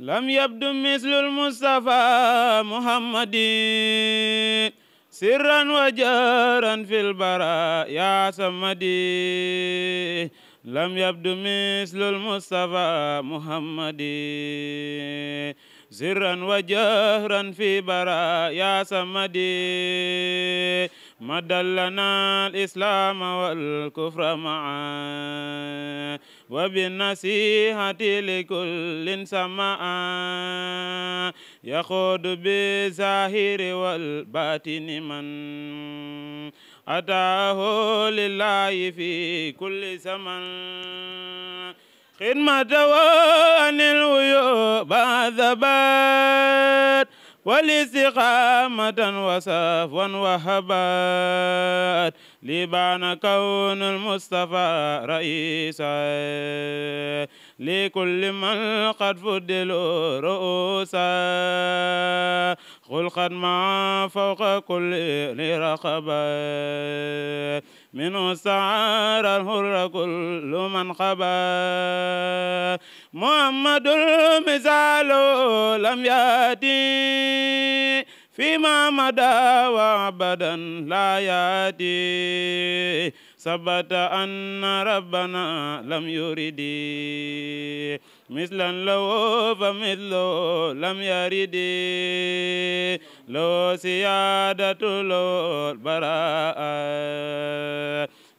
لم يبدو مثل المصطفى محمد سرا وجارا في البراء يا سمدي لم يبدو مثل المصطفى محمد سرا وجهرا في براء يا سمدي مدلنا الإسلام والكفر معا وبالنصيحة لكل سماء يخوض بالظاهر والباطن من أتاه لله في كل زمن خدمة وأن الويوب ذبات والاستقامة وصفوا وهبات لبان كون المصطفى رئيسا لكل من قد فدلوا رؤوسا خلقا ما فوق كل رقبة من استعار الهر كل من خبا محمد المزال لم يأتي فيما مدى وعبدا لا يأتي ثبت أن ربنا لم يرد مثلا لو فمثله لم يرد لو سيادة لو البراءة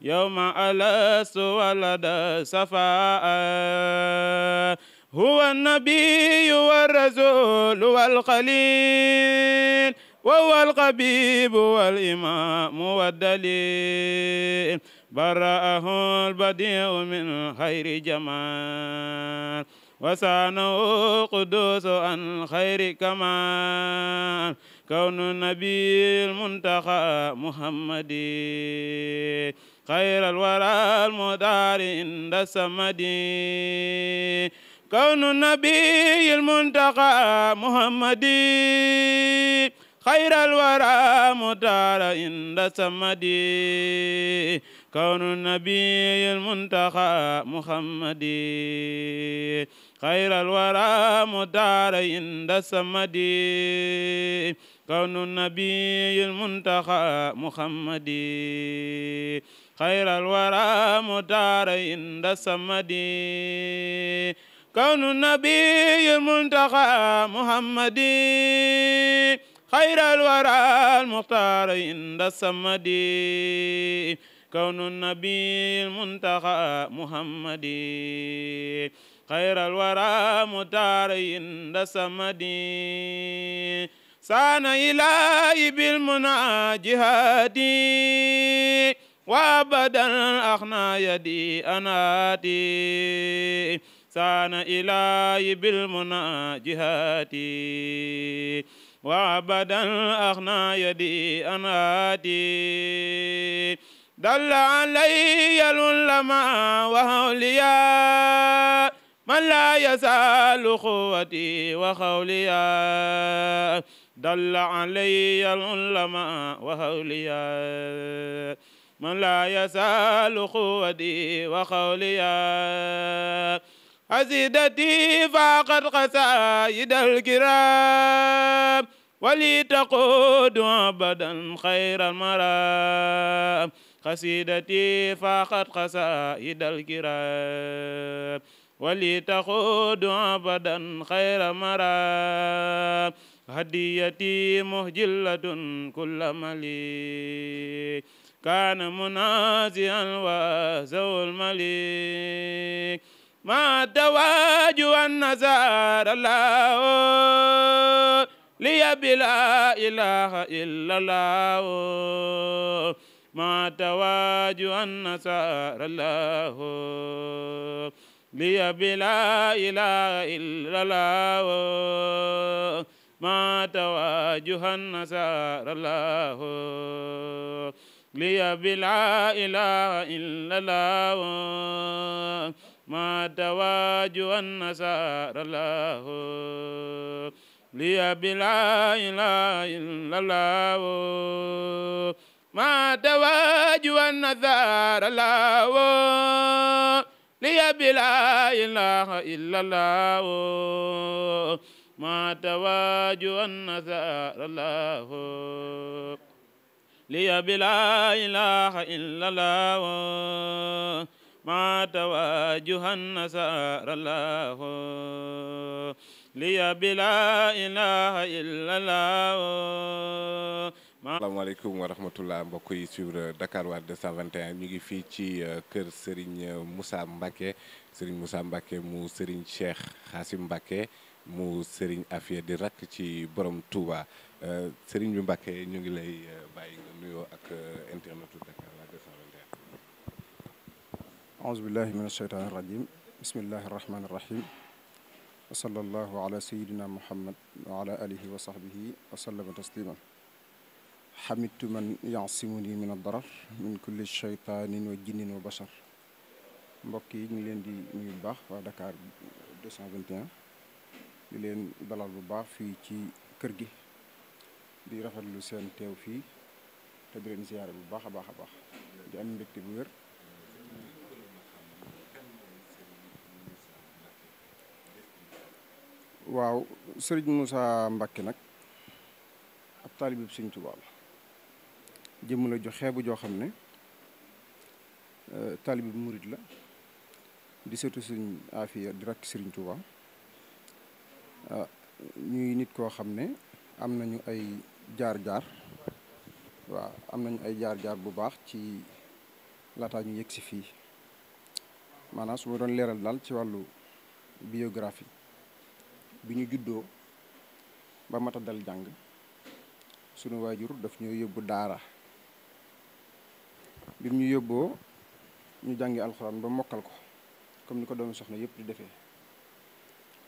يوم ألست ولد سفاء هو النبي والرسول والخليل وهو القبيب والإمام والدليل برأه البديع من خير جمال وسانه قدوس عن خير كمال كون النبي المنتخى محمد خير الورى المدار عند السمد كون النبي المنتقى محمد خير الورى مطار عند سمدي كون النبي المنتخى محمدي خير الورى مطار عند سمدي كون النبي المنتخى محمدي خير الورى مطار عند سمدي كون النبي المنتخى محمدي خير الورى المختار عند الصمد كون النبي المنتخى محمد خير الورى مختار عند الصمد سان إلهي بالمنى جهادي وابدا أخنا يدي أناتي سان إلهي بالمنى جهادي وعبد أغنى يدي أن دل علي العلماء وأولياء من لا يزال قوتي وخوليا دل علي العلماء وأولياء من لا يزال قوتي وخوليا أزيدتي فاقت قصائد الكرام ولي تقود أبدا خير المرام قصيدتي فاقت قصائد الكرام ولي تقود أبدا خير مرام هديتي مهجلة كل مليك كان منازيا وزو المليك ما دواج والنزار الله لي بلا إله إلا الله ما دواج والنزار الله لي بلا إله إلا الله ما تواجه النصارى الله لي بلا إله إلا الله ما دواج والنسار الله لي بلا إله إلا الله ما دواج والنسار الله لي بلا إله إلا الله ما دواج والنسار الله لي بلا إله إلا الله ما تواجها نسار الله لي بلا إله إلا الله asalaamaaleykum wa rahmatullah mbokk yi suivre Dakar War ñu ngi fii ci kër sëriñ Moussa mbake Serigne Moussa Mbacké mu Serigne Cheikh Xaasim mbake mu Serigne Afia di rakk ci borom Touba Serigne bi Mbacké ñu ngi lay bàyyi nga nuyoo ak internet أعوذ بالله من الشيطان الرجيم بسم الله الرحمن الرحيم وصلى الله على سيدنا محمد وعلى آله وصحبه وسلم تسليما حمدت من يعصمني من الضرر من كل شيطان وجن وبشر مبكي نلين دي نيو باخ وا دكار 221 نلين دلال بو باخ في تي كيرغي دي رافتلو سين تيو في تدرين زياره بو باخ باخ باخ دي ام بكتي بو waaw sering Moussa Mbacke nag ab taalibib sëñ Tuubaa la jëmm la ju xeebu joo xam ne eh, la di sëtu sëñ Afiya di rakk sëriñ Tuubaa ah, ñuy nit koo xam ne am nañu ay jaar-jaar waaw am nañu ay jaar-jaar bu baax ci laataa ñu yegg si fii su ma bi ñu giddoo ba mata dal jàng sunu waajur daf ñoo yóbbu daara bi ñu yóbboo ñu jàngi alxuraan ba mokkal ko comme ni ko doomi soxna yëpp di defee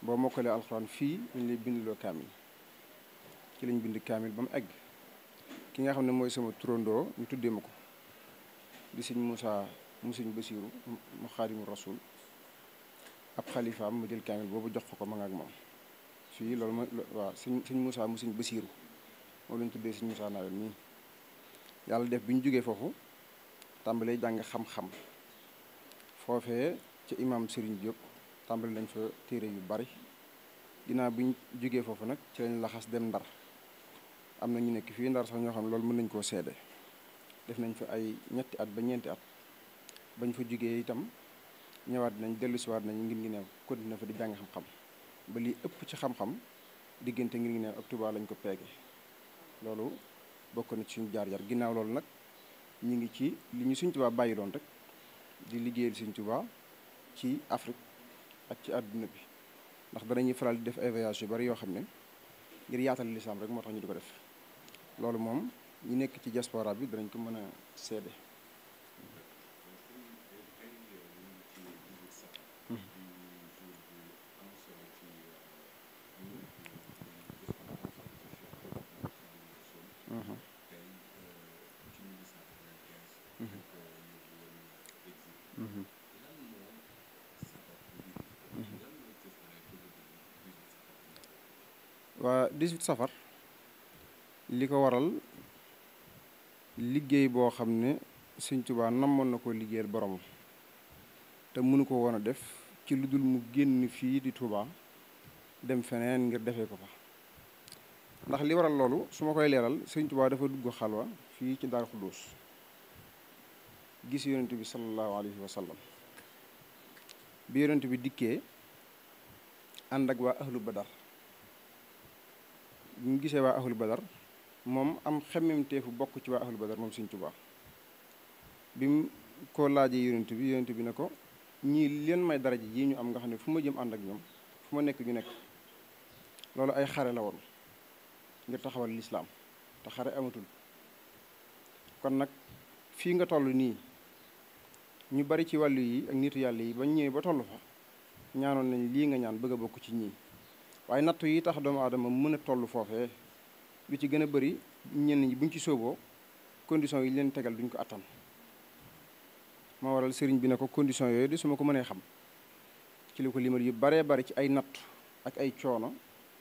boo mokkalee alxuraan fii ñu lay bindloo kaamil ci lañ bind kaamil ba mu egg ki nga xam ne mooy sama turandoo ñu tuddee ma ko di sëñ Moussa mu Basiiru mu Xaadimu Rasuul ab xalifaam mu jël kaamil boobu jox ko ko ma ak moom fii loolu mooy waaw sëñ sëñ Moussa mu sëñ Basiiru moom lañ tuddee sëñ Moussa Nawel nii yàlla def bi ñu jógee foofu tàmbalee jàng xam-xam foofee ca imam Serigne Diop tàmbali nañ fa téere yu bari dinaa bi ñu jógee foofu nag ci lañ laxas dem ndar am na ñu nekk fii ndar sax ñoo xam ne loolu mën nañ koo seede def nañ fa ay ñetti at ba ñeenti at bañ fa jógee itam ñawaat nañ dellusiwaat nañ ngir ngi neew continué fa di jàng xam-xam ba li ëpp ci xam-xam diggante ngir ngi ne ak Tuubaa lañ ko peege loolu bokk na ci suñu jaar-jaar ginnaaw loolu nag ñu ngi ci li ñu suñ Tuubaa bàyyi loon rek di liggéeyal suñ Tuubaa ci Afrique ak ci àdduna bi ndax danañuy faral di def ay voyage yu bari yoo xam ne ngir yaatal lislaam rek moo tax ñu di ko def loolu moom ñu nekk ci diaspora bi danañ ko mën a seede 18 safar li ko waral liggéey boo xam ne Sëñ Tuubaa namoon na ko liggéeyal boromam te mënu ko woon a def ci lu dul mu génn fii di Tuubaa dem feneen ngir defee ko fa ndax li waral loolu su ma koy leeral Sëñ Tuubaa dafa dugg xalwa fii ci Daaru Xudoos gis yonent bi sallallahu alayhi wa sallam bi yonent bi dikkee ànd ak waa ahlu badar bi mu gisee waa ahlu badar moom am xemmemteefu bokk ci waa ahlu badar moom Sëriñ Tuubaa bi mu ko laajee yonent bi yonent bi ne ko ñii leen may daraja yi ñu am nga xam ne fu ma jëm ànd ak ñoom fu ma nekk ñu nekk loolu ay xare la woon ngir taxawal lislaam te xare amatul kon nag fii nga toll nii ñu bari ci wàllu yi ak nitu yàlla yi ba ñëwee ba toll fa ñaanoon nañ lii nga ñaan bëgg a bokk ci ñii waaye nattu yi tax doomu aadama mën a tollu foofee lu ci gën a bëri ñenn ñi buñ ci sóoboo condition yi leen tegal duñ ko attan moo waral sëriñ bi ne ko condition yooyu de su ma ko mënee xam ci li ko limal yu baree bari ci ay nattu ak ay coono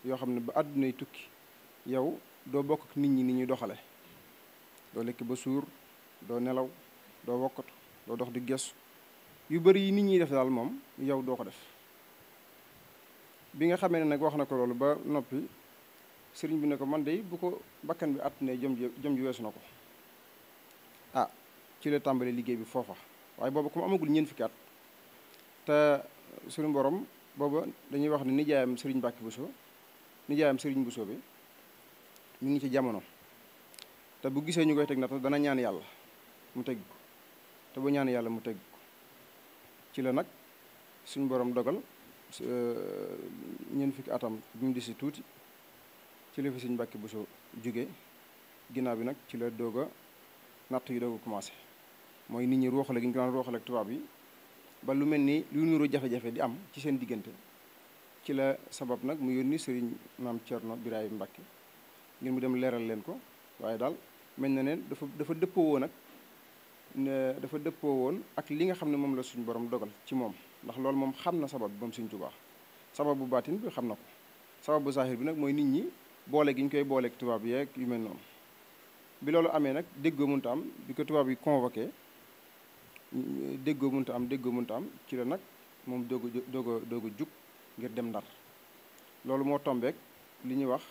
yoo xam ne ba àddunay tukki yow doo bokk ak nit ñi ni ñuy doxale doo lekk ba suur doo nelaw doo wokkatu doo dox di gestu yu bëri yi nit ñiy def daal moom yow doo ko def bi nga xamee ne nag wax na ko loolu ba noppi sëriñ bi ne ko man de bu ko bakkan bi àtt ne jom ji ji weesu na ko ah ci la tàmbali liggéey bi foofa waaye booba ku mu amagul ñeent fukki at te suñu borom booba dañuy wax ne nijaayam sëriñ bu so nijaayam sëriñ bu so bi mu ngi ci jamono te bu gisee ñu koy teg na nata dana ñaan yàlla mu teg ko te bu ñaan yàlla mu teg ko ci la nag suñu borom dogal ñeent fikk atam bi mu disi tuuti ci la fi sëñ bu Bousso jóge ginnaaw bi nag ci la doog a natt yi doog a commencé mooy nit ñi rooxale gi ñu ko daan tubaab yi ba lu mel ni lu nuru jafe di am ci seen diggante ci la sabab nag mu yónni sëriñ maam Cerno Birahim Mbàkke ngir mu dem leeral leen ko waaye daal mel na neen dafa dafa dëppoo woon ak dafa dëppoo woon ak li nga xam ne moom la suñu borom dogal ci moom ndax lool moom xam na sabab bi moom suñ Tuubaa sababu baatin bi xam na ko bu zahir bi nag mooy nit ñi boole gi ñu koy booleeg tubaab yeeg yu mel noonu bi loolu amee nag déggoo mënta am bi ko tubaab yi convoqué déggoo mënta am déggoo am ci la nag moom doog a doog a ngir dem ndar loolu moo tombeek li ñuy wax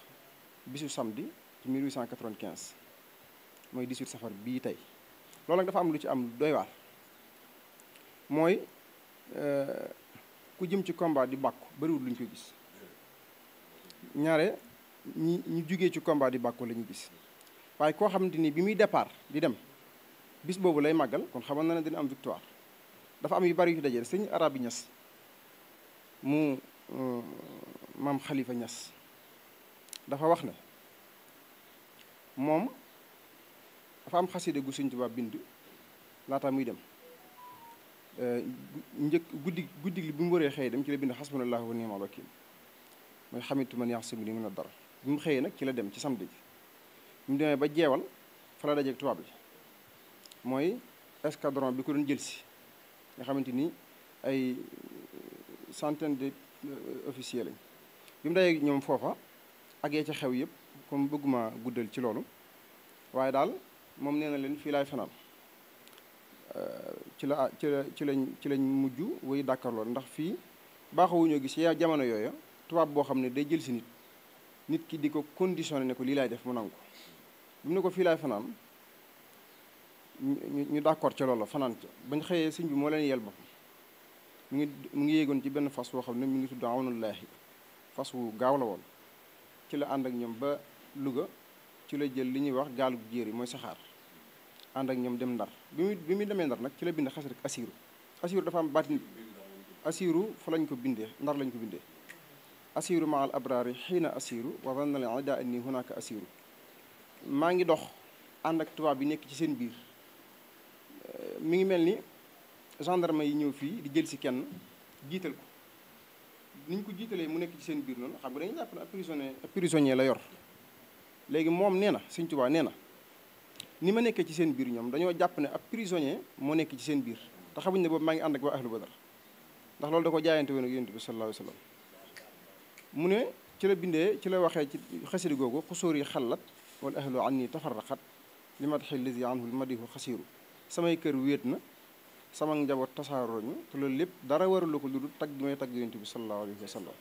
bisu samedi ci 1895 mooy 18 safar bii tey loolu nag dafa am lu ci am doy waar mooy. Euh, ku jëm ci combat di bàkku bëriwul luñ ko gis ñaare ñi ñu jugee ci combat di bàkku la gis waaye koo xamante ni bi muy départ di dem bis boobu lay màggal kon xamoon na ne dina am victoire dafa am yu bari yu sëñ arabi ñas mu euh, maam xalifa ñas dafa wax ne moom dafa am xaside gu sëñ Tuubaa bind laata muy dem njëkk guddi guddi li bu mu waree xëy dem ci la bind xasbunallahu wa ni'mal wakiil mooy xamitu man yaxsimu ni mën a dara bi mu xëyee nag ci la dem ci samedi ji mu demee ba jeewal fa la dajeeg tubaab bi mooy escadron bi ko doon jël si nga xamante ni ay centaine de officiers lañ bi mu dajeeg ñoom foofa ak yee ca xew yëpp comme bëgguma guddal ci loolu waaye daal moom nee na leen fii laay fanaan ci la ci la ci lañ ci lañ mujj way Dakar lool ndax fii baaxawuñoo gis yaa jamono yooya tubaab boo xam ne day jël si nit nit ki di ko conditionné ne ko lii laay def mu nangu ko bu mu ne ko fii laay fanaan ñu ñu d'accord ca loola fanaan ca bañ xëyee sëñ bi moo leen yel boppam mu ngi mu ngi yéegoon ci benn fas woo xam ne mu ngi tudd awnullaahi fas wu gaaw la woon ci la ànd ak ñoom ba Louga ci la jël li ñuy wax gaal gu jéer yi mooy saxaar ànd ak ñoom dem Ndar bi muy bi muy demee ndar nag ci la bind xas rek asiru asiru dafa am baatin asiru fa lañ ko bindee ndar lañ ko bindee asiru maal abraari xiina asiru wa zanna al ida anni hunaka asiru maa ngi dox ànd ak tubaab yi nekk ci seen biir eh, mi ngi mel ni gendarme yi ñëw fii di jël si kenn jiital ko ni ñu ko jiitalee mu nekk ci seen biir noonu xam nga dañuy jàpp ne ab prisonnier ab prisonnier la yor léegi moom nee na Sëñ Tuubaa nee na ni ma nekkee ci seen biir ñoom dañoo jàpp ne ab prisonnier moo nekk ci seen biir te xamuñ ne boobu maa ngi ànd ak waa ahlu badar ndax loolu da ko jaayante woon ak yonent bi sallallahu alayhi wasallam mu ne ci la bindee ci la waxee ci xasida googu xusóor yi xallat wal ahlu anni tafarraqat li matxi lazi anhu l madihu xasiru samay kër wéet na sama njaboot tasaarooñu te loolu lépp dara waralu ko lu tag tagg may tagg yonent bi sallallahu alayhi wasallam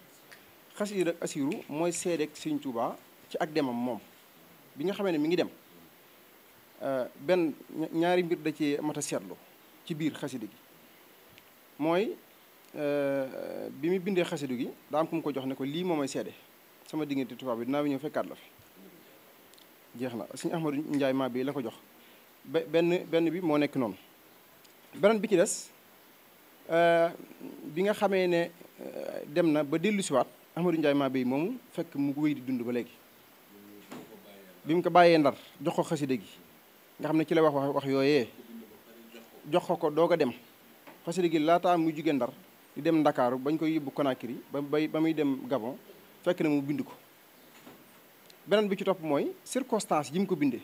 xasida ak asiru mooy seedeeg Sëriñ Tuubaa ci ak demam moom bi nga xamee ne mi ngi dem Euh, benn ñaari mbir da ci mat a seetlu ci biir xasida gi mooy euh, bi mu bindee xasida gi daa am ku mu ko jox ne ko lii moomay seede sama diggante tubaab bi dinaa bi ñëw fekkaat la fi jeex na suñu Ahmadu Njaay maa bi la ko jox benn benn bi moo nekk noonu beneen bi ci des euh, bi nga xamee ne dem na ba dellusiwaat siwaat Ahmadu Njaay maa bi moomu fekk mu wéy di dund ba léegi bi mu ko bàyyee ndar jox ko xasida gi nga xam ci la wax wax wax yooyee jox ko ko doog dem xasida gi laataa muy jugé Ndar di dem dakar bañ koy yibbu konakri bamuy dem Gabon fekk na mu bind ko benen bi ci top moy circonstance yi ko bindé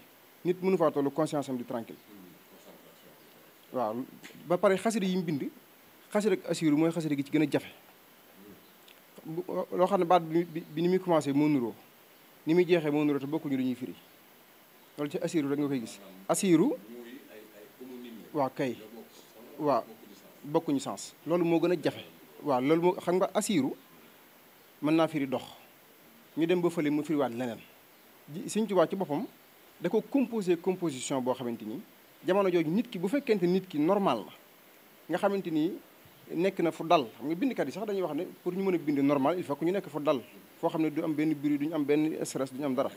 nit mënu fa tolu conscience am di tranquille wa ba paré xasida yi mu bind xasida ak assur moy xasida gi ci gëna jafé jafe xamné baat bi ni mi commencé mo nuro ni mi jéxé mo nuro té bokku ñu dañuy firi loolu ci assiru rek nga koy gis assiru waaw kay waaw bokkuñu sens loolu moo gën a jafe waaw loolu moo xam nga assiru mën naa firi dox ñu dem ba fële mu firiwaat leneen Sëñ Tuubaa ci boppam da ko composé composition boo xamante ni jamono jooju nit ki bu fekkente nit ki normal la nga xamante ni nekk na fu dal xam nga bindkat yi sax dañuy wax ne pour ñu mën a bind normal il faut que ñu nekk fu dal foo xam ne du am benn bruit du ñu am benn stress du ñu am dara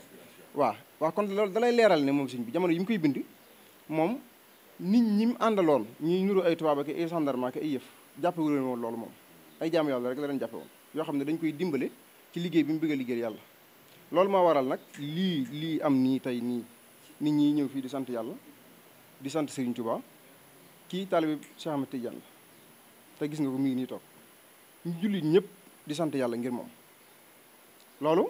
wah wah kon loolu dalay leeral ne mom sëñ bi jamono yim koy bind mom nit ñi mu àndaloon ñuy nuru ay tubaab ak ay gendarme ak ay yëf jàppe wu mom woon mom ay jamm yalla rek la dañ jàppe woon yoo xam dañ koy dimbalé ci liggéey bi mu bëgg liggéey yalla loolu ma waral nak li li am ni tay ni nit ñi ñew fi di sante yalla di sante Serigne tuba ki talib Cheikh Ahmed Tidiane la gis nga ko mi ngi nii ñu julli ñëpp di sante yalla ngir mom lolou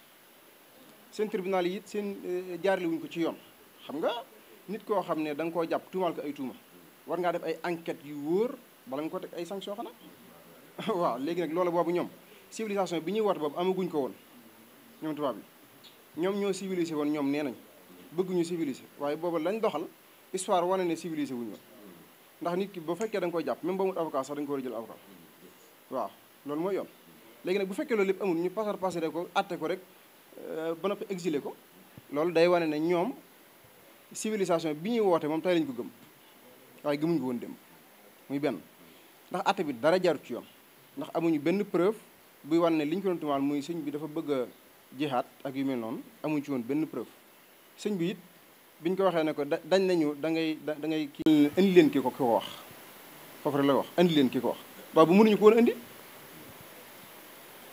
seen tribunal yi it seen eh, jaarale wuñ ko ci yoon xam nga nit koo xam ne da nga koo jàpp tuumaal ko ay tuuma war ngaa def ay enquêtes yu wóor bala nga ko teg ay sanction xanaa waaw léegi nag loolu boobu ñoom civilisation bi ñuy wat boobu amaguñ ko woon ñoom tubaab yi ñoom ñoo civilisé woon ñoom nee nañ bëgguñu civilisé waaye booba lañ doxal histoire wane ne civilisé wuñ woon ndax nit ki ba fekkee da koy jàpp même ba mut avocat sax da nga ko war a jël waaw loolu mooy yoon léegi nag bu fekkee loolu lépp amul ñu pasar pasare ko atte ko rek Euh, ba noppi exilé ko loolu day wane ne ñoom civilisation bi ñuy woote moom tey lañ ko gëm waaye gëmuñ ko woon dem muy benn ndax atte bi dara jaru ci yoon ndax amuñu benn preuve buy wane ne liñ ko doon tumaal muy sëñ bi dafa bëgg a ak yu mel noonu amuñ ci woon benn preuve sëñ bi it biñ ko waxee ne ko dañ nañu da dangay da ngay indi leen ki ko ki ko wax foofu rek la wax indi leen ki ko wax waaw bu mënuñu ko woon indi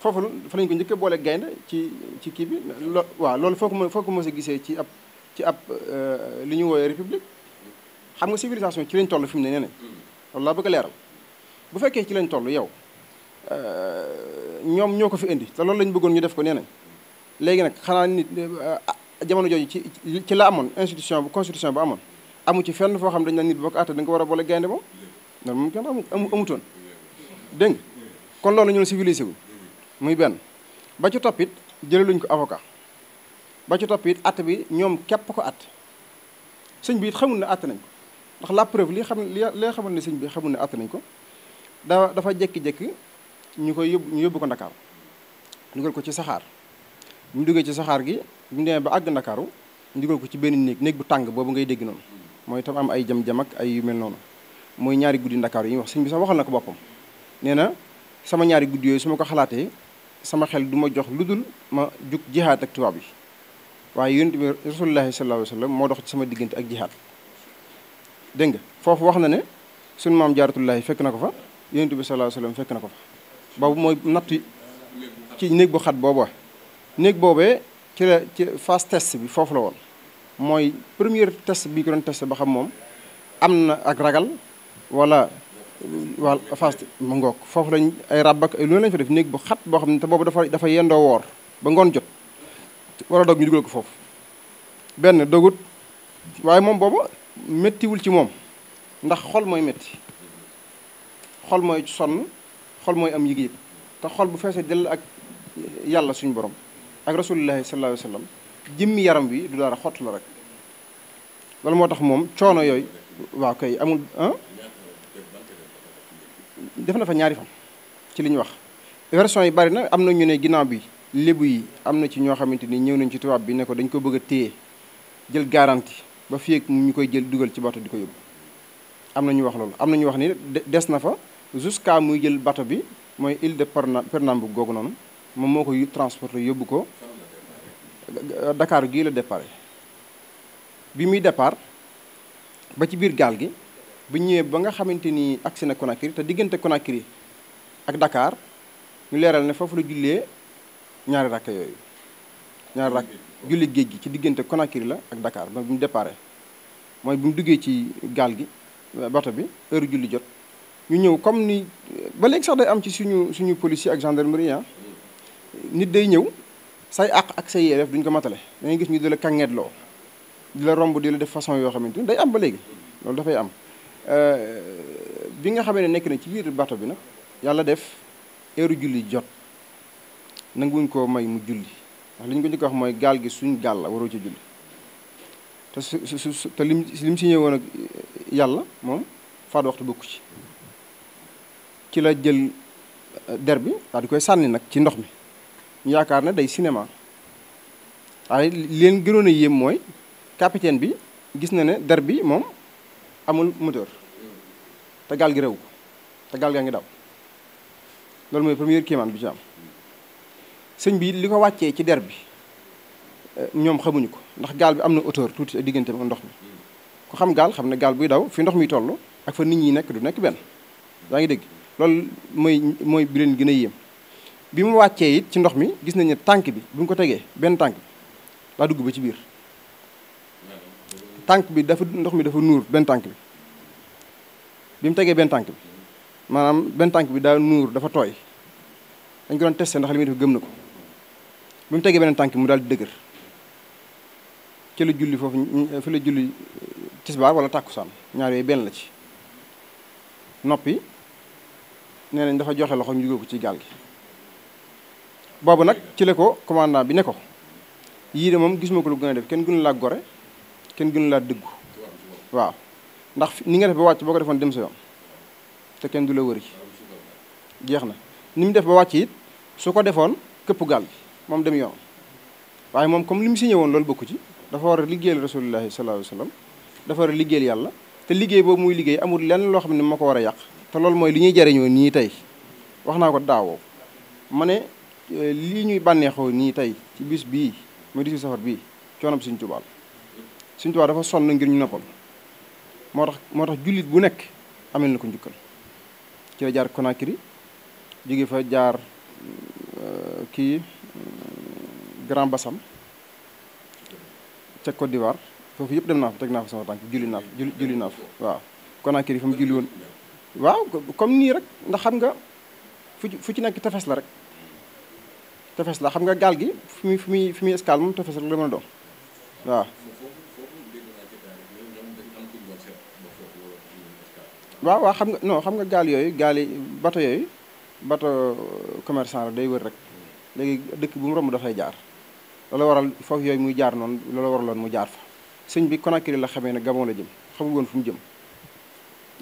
foofu fa lañ ko njëkk boole gaynde ci ci kii bi lo waaw loolu foo ko mën foo ko gisee ci ab ci ab euh, li ñu woowee république xam nga civilisation ci lañ toll fi mu ne nee nañ laa bëgg a leeral bu fekkee ci lañ toll yow euh, ñoom ñoo ko fi indi te loolu lañ bëggoon ñu def ko nee nañ léegi nag xanaa nit euh, ah, jamono jooju ci ci la amoon institution bu constitution bu amoon amu ci fenn foo xam dañ naan nit boo ko àtte da nga war a boole gaynde moom loolu moom kenn amu amutoon dégg kon loolu ñun civilisé wu muy benn ba ci toppit jëlaluñ ko avocat ba ci toppit att bi ñoom képp ko att sëñ bi it xamul ne att nañ ko ndax la preuve li xam li nga xamul ne sëñ bi xamul ne att nañ ko da dafa jékki-jékki ñu koy yóbbu ñu yóbbu ko Ndakaaru dugal ko ci saxaar ñu duggee ci saxaar gi ñu demee àgg Ndakaaru ñu ko ci benn néeg néeg bu tàng boobu ngay dégg noonu mooy tam am ay jam-jam ay yu mel noonu mooy ñaari guddi Ndakaaru yi wax sëñ bi sax waxal na ko boppam nee na sama ñaari guddi yooyu su ma ko xalaatee sama xel duma jox lu ma juk jihad ak tubaab yi waye yonent bi rasulullahi sallallahu alayhi wasallam mo dox ci sama diggante ak jihad dégg nga foofu wax na ne sun mam jaaratullahi fek nako fa yonent bi sallallahu alayhi wasallam fek nako fa babu moy natti ci néeg bu xat bobo néeg bobé ci la ci fast test bi fofu la won moy premier test bi ko don test ba xam mom amna ak ragal wala wàll fast mu ngoog foofu lañ ay ràbbak ak ay lu fa def néeg bu xat boo xam ne te boobu dafa dafa yendoo woor ba ngoon jot war a dog ñu dugal ko foofu benn dogut waaye moom boobu méttiwul ci moom ndax xol mooy metti xol mooy sonn xol mooy am yëg te xol bu feesee dell ak yàlla suñu borom ak rasulillahi sallallahu alayhi wa yaram wi du dara xotti la rek loolu moo tax moom coono yooyu waa koy amul ah? def na fa ñaari fan ci li ñu wax version yi bari na am na ñu ne ginnaaw bi lébu yi am na ci ñoo xamante ni ñëw nañ ci tubaab bi ne ko dañ ko bëgg a téye jël garantie ba fii ak ñu koy jël dugal ci bato di ko yóbbu am na ñu wax loolu am na ñu wax ni des na fa jusqu'à muy jël bato bi mooy île de Pernambouc googu noonu moom moo ko transporté yóbbu ko Dakar gii la départ bi muy depart ba ci biir gaal gi bu ñëwee ba nga xamante ni agsi na Conakry te diggante Conakry ak dakaar ñu leeral ne foofu la jullee ñaari rakk yooyu ñaari rakk julli géej gi ci diggante Conakry la ak dakaar ba bu mu déparé mooy bu mu duggee ci gaal gi bato bi heure julli jot ñu ñëw comme ni ba léegi sax day am ci suñu suñu policier ak gendarmerie ah nit day ñëw say àq ak say yeelef duñ ko matale dangay gis ñu di la kàngeetloo di la romb di la def façon yoo xamante ni day am ba léegi loolu dafay am Euh, bi nga xamee ne nekk na ci biir bato bi nag yàlla def heure julli jot nag nanguñ ko may mu julli ndax li ñu ko njëkk wax mooy gaal gi suñ gaal la waroo ci julli te su su te lim lim si ñëwoon ak yàlla moom faatu waxtu bokku ci ci la jël euh, der bi daal di koy sànni nag ci ndox mi ñu yaakaar na day cinéma waaye leen gënoon yéem mooy capitaine bi gis na ne der bi moom amul moteur te gaal gi réew ko te gaal gaa ngi daw loolu mooy premier kéemaan bi ci am sëñ bi li ko wàccee ci der bi eh, ñoom xamuñu ko ndax gaal bi am na hauteur tuuti diggante ak ndox mi ku xam gaal xam ne gaal buy daw fi ndox mi toll ak fa nit ñi nekk du nekk benn yaa ngi dégg loolu mooy mooy bi leen gën a yem bi mu wàccee it ci ndox mi gis nañ tànk bi bu ñu ko tegee benn tànk bi laa dugg ba ci biir tànk bi dafa ndox mi dafa nuur benn tànk bi bi mu tegee benn tànk bi maanaam benn tànk bi daal nuur dafa tooy dañ ko doon testé ndax li muy gëm na ko bi mu tegee beneen tànk bi mu daal di dëgër ci la julli foofu fi la julli tisbaar wala tàkkusaan ñaar yooyu benn la ci noppi nee nañ dafa joxe loxo ñu jóge ko ci gaal gi boobu nag ci la ko commandant bi ne ko yii de moom gis ma ko lu gën a def kenn gënu laa gore kenn gënu laa dëggu waaw ndax ni nga def ba wàcc boo ko defoon dem sa yoon te kenn du la wëri jeex na ni mu def ba wàcc it su ko defoon këpp gaal bi moom dem yoon waaye moom comme li mu signé woon loolu bokku ci dafa war a liggéeyal rasulullahi sallallahu alayhi wa sallam dafa war a liggéeyal yàlla te liggéey boobu muy liggéey amul lenn loo xam ne moo ko war a yàq te loolu mooy li ñuy jariñoo nii tey wax naa ko daawoo ma ne euh, lii ñuy bànneexoo nii tey ci bis bii muy di si safar bii coono bi Sëñ Tuubaa Sëñ Tuubaa dafa ngir ñu noppal moo tax moo tax jullit bu nekk amel na ko njukkal ci la jaar Conakry jóge fa jaar euh, kii Grand Bassam ca Côte d'Ivoire foofu yëpp dem naa tek teg fa sama tànk julli naa fa julli fa waaw Conakry fa mu julli waaw comme nii rek ndax xam nga fu ci fu ci la rek tefes la xam nga gi escale rek la waaw waaw waa xam nga non xam nga gaal yooyu gaal yi bato yooyu bato commerçant day wër rek léegi dëkk bu mu romb dafay jaar loola waral foofu yooyu muy jaar noonu loola waraloon mu jaar fa sëñ bi Conakry la xamee ne Gabon la jëm xamul woon fu mu jëm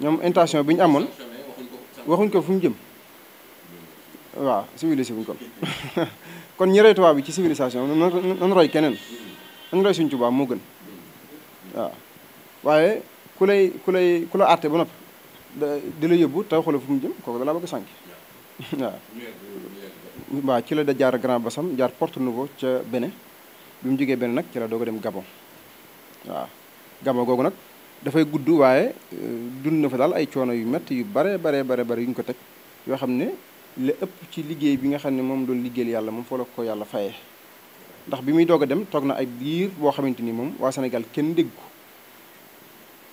ñoom bi ñu amoon waxuñ ko fu mu jëm waaw civilisé wuñ ko kon ñi roy bi ci civilisation nan roy keneen nan roy suñ tubaab moo gën waaw waaye ku lay ku lay ku la àtte ba noppi di la yóbbu taw xoolal fu mu jëm kooku dalaa bëgg a waaw. waaw ci la da jaar Grand Bassam jaar Porto ko ca Bénin bi mu jógee Bénin nag ci la doog dem Gabon waaw Gabon googu nag dafay gudd waaye euh, dund na fa daal ay coono yu mett yu bare bare bare bare yu ñu ko teg yoo xam ne la ëpp ci liggéey bi nga xam ne moom doon liggéeyal yàlla moom foo la ko yàlla fayee ndax bi muy doog a dem toog na ay biir boo xamante ni moom waa senegal kenn dégg ko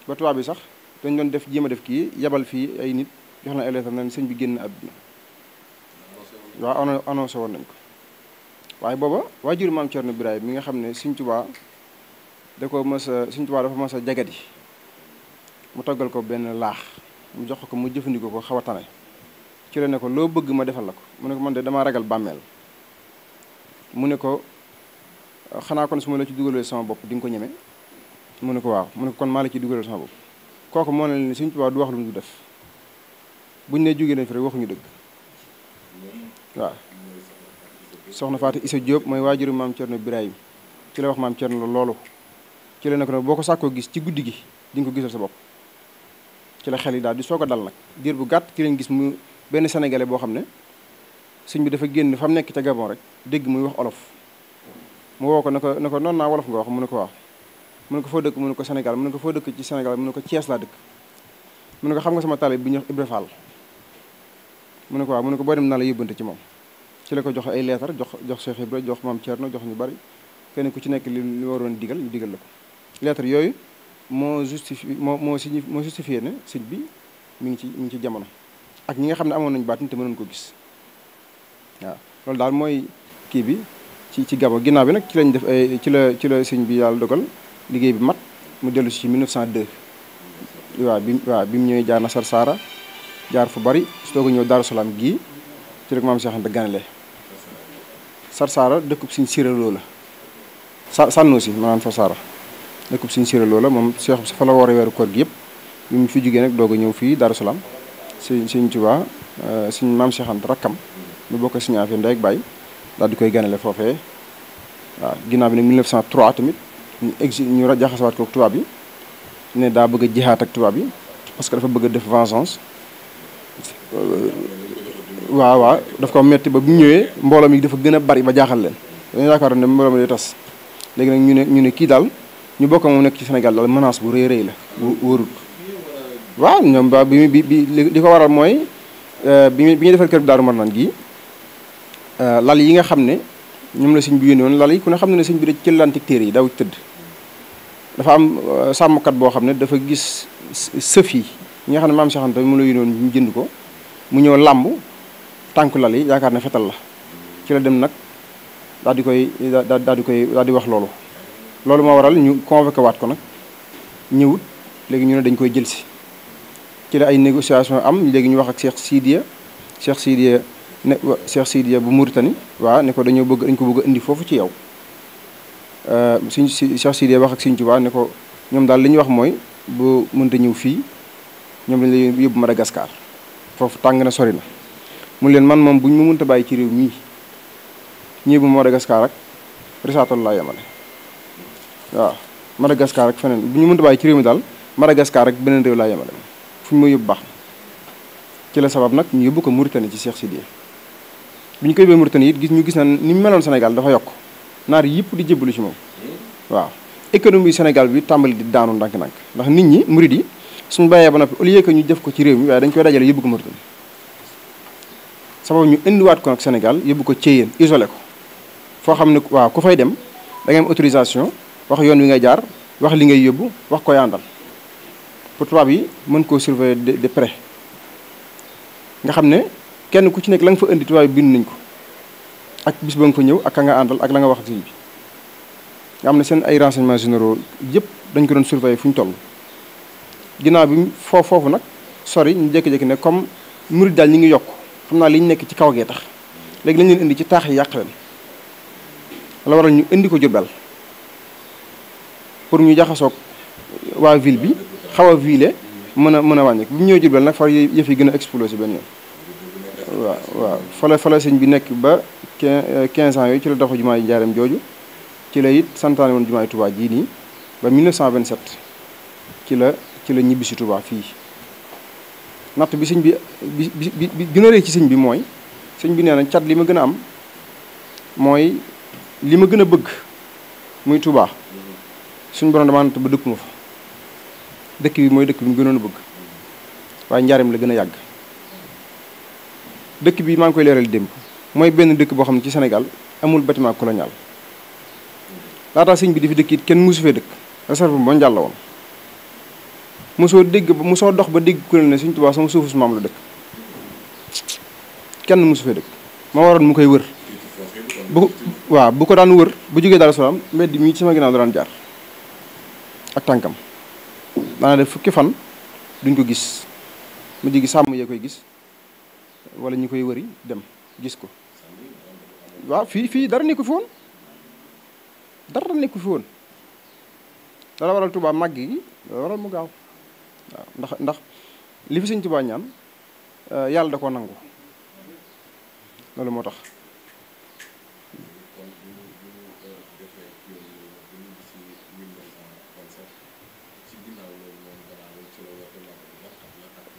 ba tubaab bi sax dañ doon def jima def ki yabal fi ay nit jox na ay lettre nañ sëñ bi wa àdduna waaw so won nañ ko waye bobo wajur mam Cerno Biraay mi nga xamne ne tuba da ko mës a sëñ Tuubaa dafa mës a jagadi mu togal ko ben laax mu jox ko mu jëfëndiko ko xaw a ci la ne ko lo bëgg ma defal lako ko mu ne ko man de dama ragal bammel mu ne ko xana kon suma la ci dugalee sama bop di nga ko ñëmé mu ne ko waaw mu ne ko kon maa la ci dugalee sama bop kooku moo ne ni suñ tubaab du wax lu mu def buñ ne jógee nañ fi rek waxuñu dëgg waaw soxna Fatou Issa Diop mooy waajuru maam na Birahim ci la wax maam Thierno loolu ci la ne ko nag boo ko sàkkoo gis ci guddi gi di ko gisal sa bopp ci la xel yi daal di soog a dal nag diir bu gàtt ci lañ gis mu benn senegale boo xam ne sëñ bi dafa génn fa mu nekk ca Gabon rek dégg muy wax olof mu woo ko na ko na ko noonu naa wolof nga wax mu ne ko waaw mu ne ko foo dëkk mu ne ko Sénégal mu ne ko foo dëkk ci Sénégal ko Thiès laa dëkk mu ne ko xam nga sama taalib bi ñu wax Ibra mu ne ko waaw ne ko boo dem naa la yóbbante ci moom ci la ko jox ay leetar jox jox Cheikh Ibra jox maam Thierno jox ñu bari kenn ku ci nekk li li waroon digal ñu la ko leetar yooyu moo justifié moo moo signi moo justifié ne sëñ bi mi ngi ci mi ngi ci jamono ak ñi nga xam ne amoon nañu baatin te mënoon ko gis waaw loolu daal mooy kii bi ci ci gabo ginnaaw bi nag ci lañ def eh, ci la ci la sëñ bi yàlla dogal liggéey bi mat mu delu ci 1902 wa bim wa bim mu jaar Nasar sara jaar fu bari soog a ñëw Daaru Salaam gii ci rek mam Cheikh Anta ganale Sar sara dekkup sin sire lola sanno sànnoo si maanaam Sar Saara dëkkub Sëñ Siréloo la moom Cheikh fa la wor a weeru koor gi yëpp bi fi jógee nak doog ñew fi fii salam seigne seigne touba Tuubaa euh, sëñ maam Cheikh Anta rakam mu bokk seigne afi ndey ak baay daal di koy ganale fofé waaw ginnaaw bi nag 1903 tamit ñu exi ñu jaxasawaat ko tubaab yi ne daa bëgg a jihaat ak tubaab yi parce que dafa bëgg def vengeance euh, waaw waaw daf ko metti ba bu ñëwee mbooloo mi dafa gën a bari ba jaaxal leen dañu yaakaar ne mbooloo mi day tas léegi nag ñu ne ñu ne kii daal ñu bokk moom nekk ci senegal daal menace bu rëy rëy la bu wóorul waaw ñoom ba bi bi bi li ko waral mooy euh, bi bi ñuy defal kër bi Daaru Marnaan gii euh, lal yi nga xam ne ñoom la sëñ bi yónni woon lal yi ku ne xam ne ne sëñ bi da ci lantik téere yi daaw ci tëdd dafa am euh, sàmmkat boo xam ne dafa gis sëf yi ñi nga xam ne maam Cheikh Anta mu la yónni ñu jënd ko mu ñëw làmb tànk lal yi yaakaar na fetal la ci la dem nag daa di koy daal di koy daal di wax loolu loolu moo waral ñu convoqué waat ko nag ñëwut léegi ñu ne dañ koy jël si ci la ay négociation am léegi ñu wax ak Cheikh Sidiya Cheikh Sidiya ne cheikh sidiya bu mauritanie wa ne ko dañu bëgg dañ ko bëgg indi fofu ci yow euh, suñ cheikh sidiya wax ak suñ tuba ne ko ñom dal liñ wax moy bu mënta ñew fi ñom lañ lay yóbbu madagascar fofu tang na sori na mu leen man mom buñ mu mënta bay ci rew mi ñii bu madagascar rek risatul la yemale wa madagascar rek fenen bu mu mënta bay ci rew mi dal madagascar rek benen rew la yemale fu mo ma yóbbu ci la sabab nak ñu yóbbu ko mauritanie ci cheikh sidiya bi ñu koy yóbbee Mauritanie it gis ñu gis na ni mu meloon Sénégal dafa yokk naar yëpp di jébbalu ci moom waaw économie Sénégal bi tàmbali di daanu ndànk-ndànk ndax nit ñi murid yi suñu bàyyee ba noppi au lieu que ñu def ko ci réew mi waaye dañ koy dajale yóbbu ko Mauritanie sabab ñu indiwaat ko nag Sénégal yóbbu ko Thiéyène isole ko foo xam ne waaw ku fay dem da am autorisation wax yoon wi ngay jaar wax li ngay yóbbu wax ko yàndal pour tubaab yi mën koo surve de xam ne kenn ku ci nekk la nga fa indi tubaab bind nañ ko ak bis ba nga fa ñëw ak ka nga àndal ak la nga wax sëñ bi nga xam ne seen ay renseignements généraux yëpp dañ ko doon surveiller fu ñu toll ginnaaw bi foofu foofu nag sori ñu jékki-jékki ne comme murid daal ñu ngi yokk xam naa li ñu nekk ci kaw gee tax léegi lañ leen indi ci taax yi yàq leen la waral ñu indi ko Jurbel pour ñu jaxasoog waa ville bi xaw a ville mën a mën a wàññi bu ñu ñëwee Jurbel nag far yëf yi gën a explosé benn yoon waaw waaw fale fale sëñ bi nekk ba euh, quinze ans yooyu ci la doxu jumaa yi njaareem jooju ci la it santaane woon jumaa yi Touba jii nii ba 1927 ci la ci la ñibbi si Touba fii natt bi sëñ bi bi bi bi ci sëñ bi mooy sëñ bi nee na cat li ma gën a am mooy li ma gën a bëgg muy tubaa suñ borom damaa natt ba dëkkuma fa dëkk bi mooy dëkk bi mu gënoon bëgg waaye njaareem la gën a yàgg dëkk bi maa ngi koy leeral démb mooy benn dëkk boo xam ci Sénégal amul bâtiment colonial laataa sëñ bi di fi dëkk it kenn mosu fee dëkk réserve ba njàll woon mosoo dégg ba mosoo dox ba dégg ku ne sëñ Tuubaa sama suufu su maam la dëkk kenn mosu fee dëkk ma waroon mu koy wër bu waaw bu ko daan wër bu jógee dara Salaam mbedd mi ci sama ginnaaw daan jaar ak tànkam daana def fukki fan duñ ko gis mu jigi sàmm yee ya koy gis wala ñi koy wëri dem gis ko wa fi fi dar ni fi fon dar ni fi fon dara waral tuba maggi waral mu gaaw ndax ndax li fi sëñ Touba ñaan eh, yalla da ko nangu lolu motax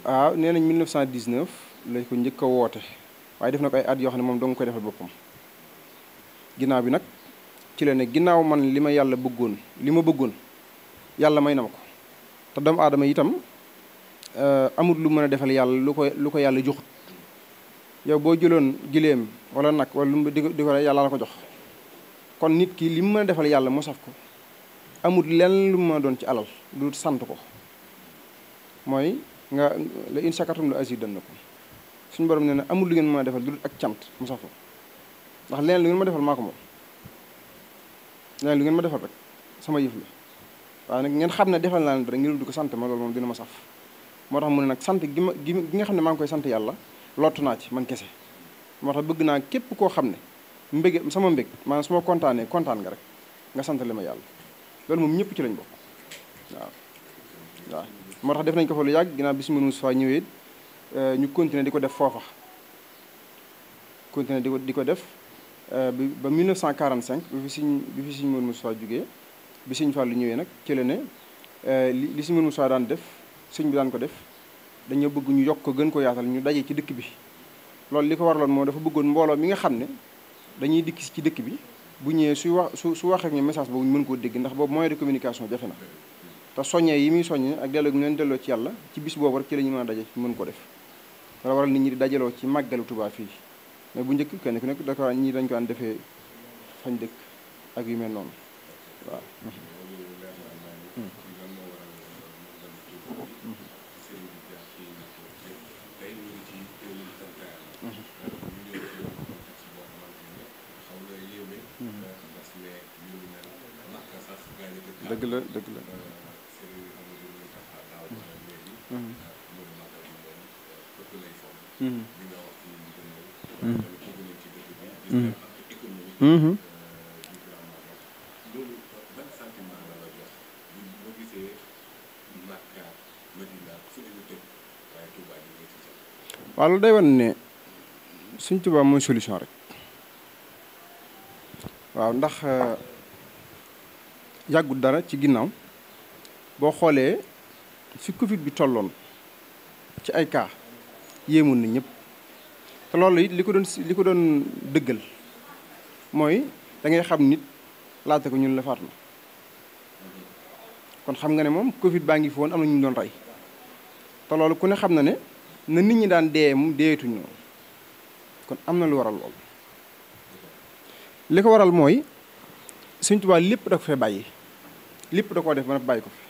ah waaw 1919 lañ ko njëkk a woote waaye def na ko ay at yoo xam ne moom dong ko defal boppam ginnaaw bi nag ci la ne ginnaaw man li ma yàlla bëggoon li ma bëggoon yàlla may na ma ko te doomu aadama itam eh, amut lu mën a defal yàlla lu ko lu ko yàlla joxut yow boo jëloon giléem wala nag wala lu di ko yàlla la ko jox kon nit kii li mu mën a defal yàlla moo saf ko amut lenn lu ma doon ci alal du sant ko mooy nga la in shakartum la azidannakum suñu borom neena amul li ngeen mëna a defal dul ak cant mu sax ndax leen li ngeen ma defal mako mo leen li ngeen ma defal rek sama yëf la wa nak ngeen xamne ne defal naa leen dara ngir di ko sant ma lol mom dina ma saf motax mu ne nak sante gi gi nga xamne ma ngi koy sante yalla lotu na ci man kesse motax bëgg na képp ko xamne ne sama mbég man suma contane contane nga rek nga sante lima yalla lol mom ñepp ci lañ bokk wa wa motax def nañ ko fa lu yag ginnaaw bi su ma ñëwee Euh, ñu continuer di ko def foofa continuer di ko di ko def euh, ba 1945 bi fi siñ bi fi siñ Mor Moussa jugee bi siñ Fàllu ñëwee nag ci la ne euh, li li siñ Mor Moussa daan def suñ bi daan ko def dañoo bëgg ñu yokk ko gën ko ñu daje ci dëkk bi loolu li ko waraloon moom dafa bëggoon mbooloo mi nga xam ne dañuy dikk ci dëkk bi bu ñëwee suy wax su su waxee ak ñu message boobu ñu mën koo dégg ndax boobu moyen de communication jafe na te soññee yi muy soññee ak delloo gi ñu leen delloo ci yàlla ci bis boobu rek ci la ñu mën a daje mën ko def dara waral nit ñi di dajaloo ci màggalu tubaab fii mais bu njëkk kenn ku nekk da ko ñii dañ ko daan defee fañ dëkk ak yu mel noonu waaw dëgg la dëgg la dëkk lay la ne ñu day wan ne suñ Touba mooy solution rek. waaw ndax euh, yàggul dara ci ginnaaw boo xoolee fi Covid bi tolloon ci ay cas yéemoon na ñëpp te loolu it li ko doon si li ko doon dëggal mooy dangay xam nit laata ko ñun la na kon xam nga ne moom Covid baa ngi foon woon am na ñu doon rey te loolu ku ne xam na ne na nit ñi daan dee mu deetuñu kon am na lu waral lool. li ko waral mooy Sëñ Tuubaa lépp da ko fee bàyyi lépp da koo def a bàyyi ko fi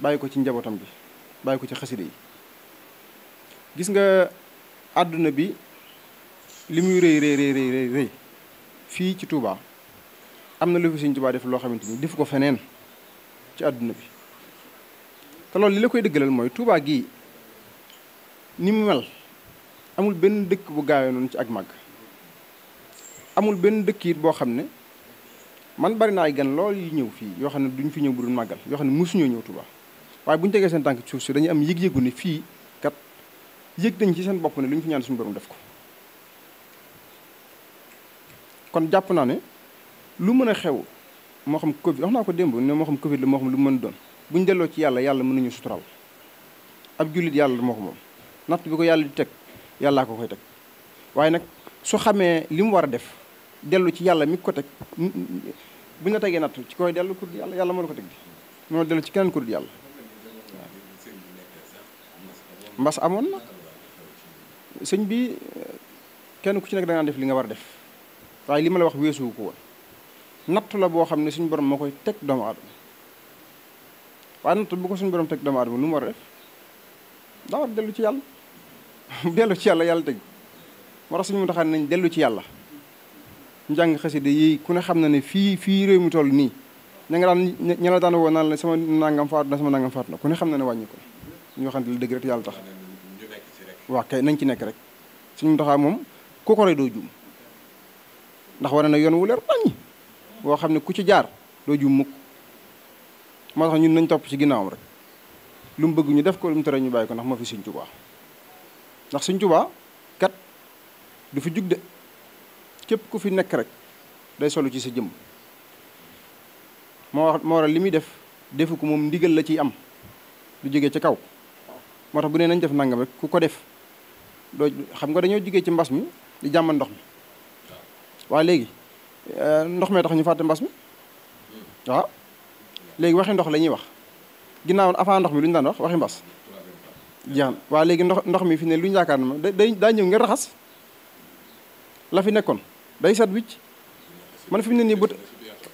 bàyyi ko ci njabootam bi bàyyi ko ci xasida yi. gis nga àdduna bi li muy rëy rëy rëy fii ci Touba am na lu fi Sëñ Touba def loo xamante ni def ko feneen ci àdduna bi te loolu li la koy dëggalal mooy Touba gi ni mu mel amul benn dëkk bu gaawee noonu ci ak màgg amul benn dëkk yi boo xam ne man bari naa ay gan lool yi ñëw fii yoo xam ne duñ fi ñëw bu dul màggal yoo xam ne mosuñoo ñëw Touba waaye bu ñu tegee seen tànk ci suuf si dañuy am yëg-yëgu ne fii yëg dañ ci seen bopp ne lu ñu fi ñaan suñu borom def ko kon jàpp naa ne lu mën a xew moo xam covid wax naa ko démb ne moo xam covid la moo xam lu mën doon bu ñu delloo ci yàlla yàlla mën nañu sutural ab jullit yàlla moo ko moom natt bi ko yàlla di teg yàllaa ko koy teg waaye nag su xamee li mu war a def dellu ci yàlla mi ko teg bu ñu la tegee natt ci koy dellu kur yàlla yàlla moo ko teg di moo dellu ci kenn kur yàlla mbas amoon na sëñ bi kenn ku ci nekk da ngaa def li nga war a def waaye li ma la wax weesuwu ko woon nattu la boo xam ne suñ borom moo koy teg doomu aadama waaye nattu bu ko suñ borom teg doomu aadama lu mu war a def daa war dellu ci yàlla dellu ci yàlla yàlla teg moo tax suñu mu taxaan nañ dellu ci yàlla njàng xasida yi ku ne xam na ne fii fii réew mi toll nii ña nga daan ña la daan woo naan la sama nangam faatu na sama nangam faatu na ku ne xam na ne wàññi ko ñu yàlla tax wax kay nañ ci nekk rek suñu ndoxaa moom ku ko roy doo juum ndax war na yoon wu leer naññ boo xam ne ku ci jaar doo juum mukk moo tax ñun nañ topp ci ginnaawam rek lu mu bëgg ñu def ko lu mu tere ñu bàyyi ko ndax moo fi Sëñ Tuubaa ndax suñ Tuubaa kat du fi jug de képp ku fi nekk rek day solu ci sa jëmm moo wax moo waral li muy def defu ko moom ndigal la ciy am lu jógee ca kaw moo tax bu nee nañ def nangam rek ku ko def doo xam nga dañoo jugee ci mbas mi di jàmmal ndox mi waa léegi euh, ndox mee tax ñu fàtte mbas mi waaw léegi waxi ndox la ñuy wax ginnaaw avant ndox mi lu daan wax waxi mbas jeexan waaw ndox ndox mi fi ne lu ñu yaakaar ne ma day daa ñëw ngir raxas la fi nekkoon day set wicc man fi ne nii bët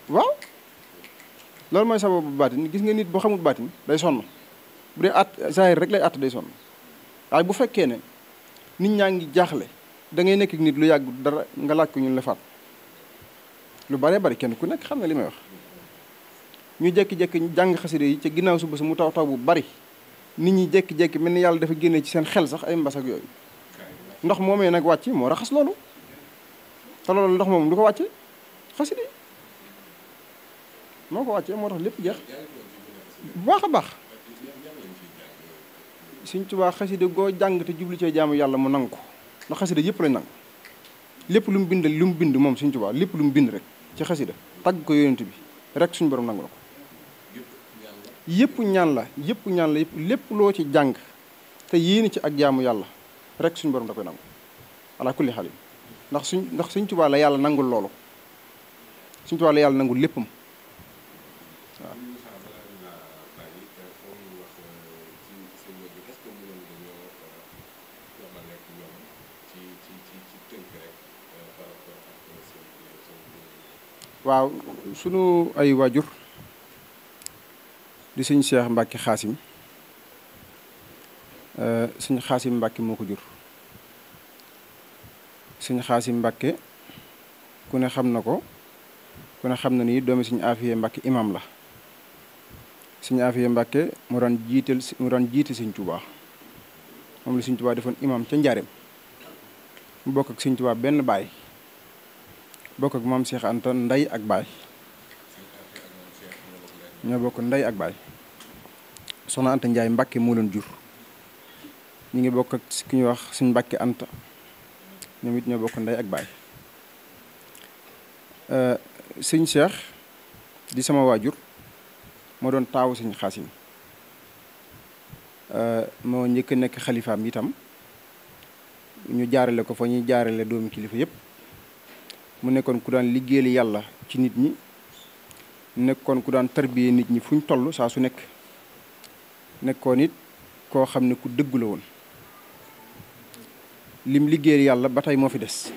waaw loolu mooy bu baatin gis nga nit boo xamul baatin day sonn bu dee at zahir rek lay at day sonn waaye bu fekkee ne nit ñaa gi jaaxle da ngay nekk nit lu yàgg dara nga laaj ñu lefaat lu bare bari kenn ku nekk xam na li wax ñu jek jek jang xasida yi ci ginnaaw suba su mu taw taw bu bari nit ñi jek jek mel yalla dafa génne ci seen xel sax ay mbass ak yoy ndox moomee nag wàcc moo raxas lolu ta lolu ndox mom duko wacc wàcce moko wacc mo tax lepp jeex bu baax baax suñ Tuubaa xasida goo jàng te jubli cee jaamu yàlla mu nangu ko ndax xasida yëpp lañ nangu lépp lu mu bind lu mu bind moom Sëñ Tuubaa lépp lu mu bind rek ci xasida tagg ko yonent bi rek suñu borom nangu na ñaan la yëpp ñaan lépp loo ci jàng te yéene ci ak jaamu yàlla rek suñu borom da koy nangu ala ndax suñ ndax Sëñ Tuubaa la yàlla nangul loolu Sëñ Tuubaa yàlla nangul léppam waaw sunu ay wajur di sëñ Cheikh Mbacke euh sëñ Xaasim Mbacke moko jur sëñ Xaasim Mbacke ku ne xam nako ku ne xam na ni doomi sëñ Afiye Mbacke imam la sëñ Afiye Mbacke mu daan jiital mu daan jiite sëñ touba mom la sëñ touba defoon imam ca ndiarem mu bokk ak sëñ touba ben baye bokk ak maam Cheikh Anta ndey ak baay ñoo bokk nday ak baay soxna Anta Ndiaye Mbacke moo leen jur ñu ngi bokk ak ki ñuy wax suñ Mbacke Anta ñoom it ñoo bokk ndey ak baay euh, sëñ Cheikh di sama waajur moo doon taawu sëñ Xaasim euh, moo njëkk nekk xalifaam itam ñu jaarale ko fa ñuy jaarale doomi kilifa yëpp mu nekkoon ku daan liggéeyal yàlla ci nit ñi nekkoon ku daan tarbiyee nit ñi fu ñu toll saa su nekk nekkoon it koo xam ne ku dëggu la woon lim liggéeyal yàlla ba tey moo fi des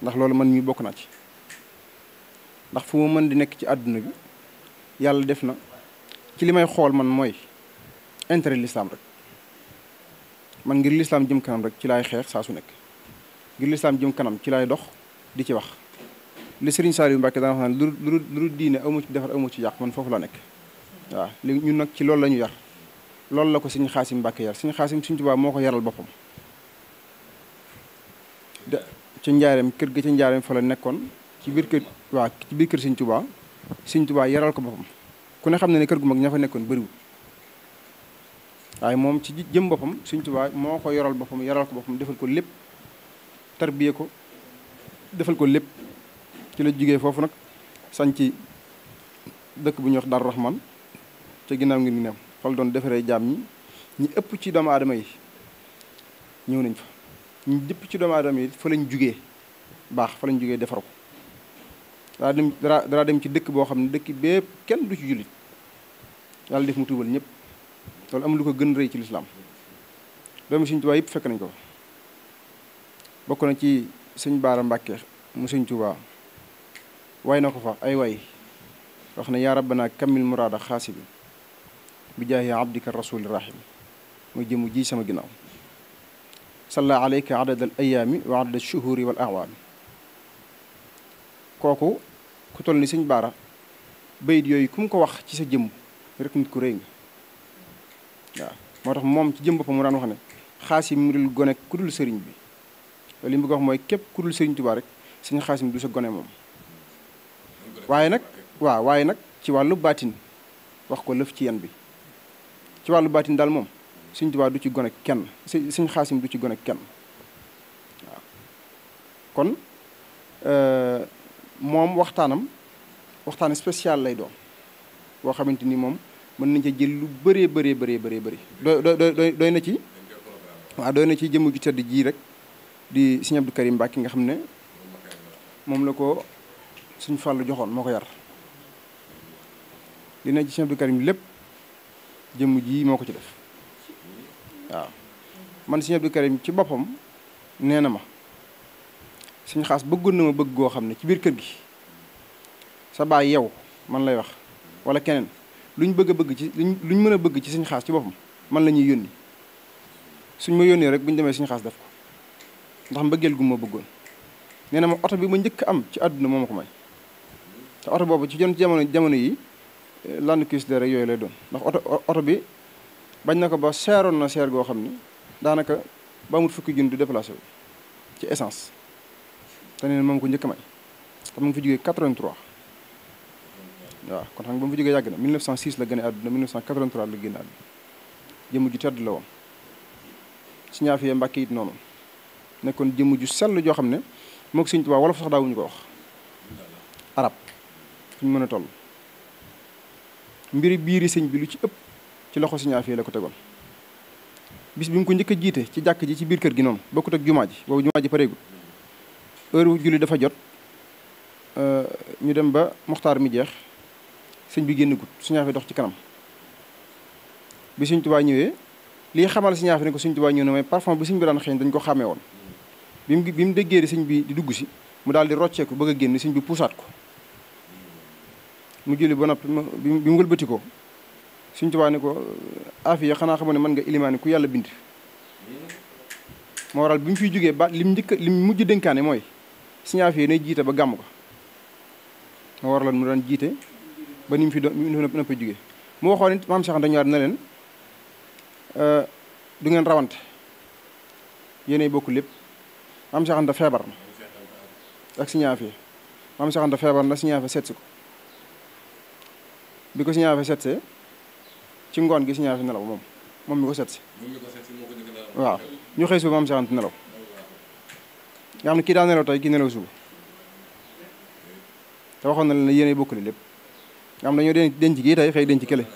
ndax loolu man ñu bokk naa ci ndax fu mu mën di nekk ci àdduna bi yàlla def na ci li may xool man mooy intérêt l'islam rek man ngir l'islam jëm kanam rek ci laay xeex saa su nekk ngir l'islam jëm kanam ci lay dox di ci wax li Serigne Saliou Mbacke daan wax naan lu lu lu diine amu ci defar amu ci yàq man foofu la nekk waaw li ñun nag ci loolu la ñu yar loolu la ko Serigne Xaasim Mbacke yar Serigne Xaasim Serigne Touba moo ko yaral boppam ca njaareem kër ga ca njaareem fa nekkoon ci biir kër waa ci kër Serigne Touba Serigne Touba yaral ko boppam ku ne xam ne ne kër gu mag ña fa nekkoon bëriwul waaye moom ci jëm boppam Serigne Touba moo ko yoral boppam yaral ko boppam defal ko lépp tarbiye ko defal ko lépp ci la jugee foofu nag sañ ci dëkk bu ñuy wax Darou Rahman ca ginnaaw ngi ngi neew fal doon defaree jaam ñi ñu ëpp ci doomu aadama yi ñëw nañ fa ñu ci doomu aadama fa lañ jugee baax fa lañ jugee defar ko daa dem dara dem ci dëkk boo xam ne dëkk bépp kenn du ci jullit yàlla def mu tuubal ñëpp loolu amul lu ko gën rëy ci lislaam doomi Sëriñ Tuubaa yëpp fekk nañ ko bokk na ci سن بارم بكر مسن توبا واي نكفا اي واي وخنا يا ربنا كم المراد خاسب بجاه عبدك الرسول الرحيم ويجي مجي سما جناو صلى عليك عدد الايام وعدد الشهور والاعوام كوكو كتول ني سن بارا بيد يوي كوم كو واخ سي جيم رك نيت كو ريغ موم سي جيم بوبو مو خاسب مريل غونك كودول سيرين بي li mu bëgg wax mooy képp ku dul Serigne Touba rek Serigne Xaasim du sa gone moom. waaye nag waaw waaye nag ci wàllu baatin wax ko lëf ci yan bi ci wàllu baatin daal moom Serigne Touba du ci gone kenn Serigne Xaasim du ci gone kenn waaw kon euh, moom waxtaanam waxtaan spécial lay doon boo xamante ni moom. mën nañ ca jël lu bëree bëree bëree bëree bëri doy na ci waaw doy na ci jëmm ju tedd jii rek di sëñ Abdou Karim Mbacke nga xam ne moom la ko suñ fàllu joxoon moo ko yar dina nekk ci sëñ Abdou Karim lépp jëmm ji moo ko ci def waaw man sëñ Abdou Karim ci boppam nee na ma suñ xaas bëggoon na ma bëgg goo xam ne ci biir kër gi sa baay yow man lay wax wala keneen luñ bëgg bëgg ci luñ mën a bëgg ci suñ xaas ci boppam man la ñuy yónni suñ ma yónnee rek buñ demee suñ xaas def ko ndax mbëggeel gu ma bëggoon nee na ma oto bi ma njëkk am ci àdduna moo ma may te oto boobu ci jon jamono jamono yi eh, Land Cruiser rek yooyu lay doon ndax oto oto bi bañ na ko ba seeroon na seer goo xam ni daanaka ba amul fukki junni du déplacé ci essence te nee na moom ko njëkk may te mu ngi fi jógee 83 waaw kon xam nga ba mu fi jógee yàgg na 1906 la gën a àdduna 1983 la génn àdduna jëmm ju tedd la woon si ñaafiyee nekkon jëmu ju sell jo xamne mok seigne touba wala sax dawuñ ko wax arab fuñu mëna toll mbiri biiri seigne bi lu ci ëpp ci loxo seigne afi la ko tegal bis bi mu ko ñëk jité ci jakk ji ci biir kër gi non bokku ak jumaa ji boobu jumaa ji pareegul heure wu julli dafa jot euh, ñu dem ba muxtar mi jeex seigne bi gennu gut seigne afi dox ci kanam bi seigne touba ñëwé li xamal seigne afi ne ko seigne touba ñëw na may parfum bi seigne bi daan xeeñ dañ ko xamé won bi mu bi mu déggee sëñ bi di dugg si mu daal di rocceeku bëgg a génn sëñ bi puusaat ko mu julli ba noppi bi mu wëlbati ko suñ tubaa ko afiya xanaa xamoon ne mën nga ilimaani ku yàlla bind moo waral bi mu fiy jógee ba lim njëkk lim mujj dénkaane mooy suñu afiya nay jiite ba gàmm ko moo waraloon mu daan jiite ba ni mu fi doon nëpp jógee mu waxoon it maam Cheikh dañu war na leen euh, du ngeen rawante yéenay bokk lépp maam Cheikh Anta feebar na ak Serigne Afia maam Cheikh Anta feebar na Serigne Afia seet si ko bi ko Serigne Afia seet see ci ngoon gi Serigne Afia nelaw moom moom mi ko seet waaw ñu xëy suba maam Cheikh Anta nelaw nga xam ne kii daa nelaw tey kii nelaw suba te waxoon na leen yéen ay bokkale lépp nga xam dañoo denc denc gii tey xëy denc kële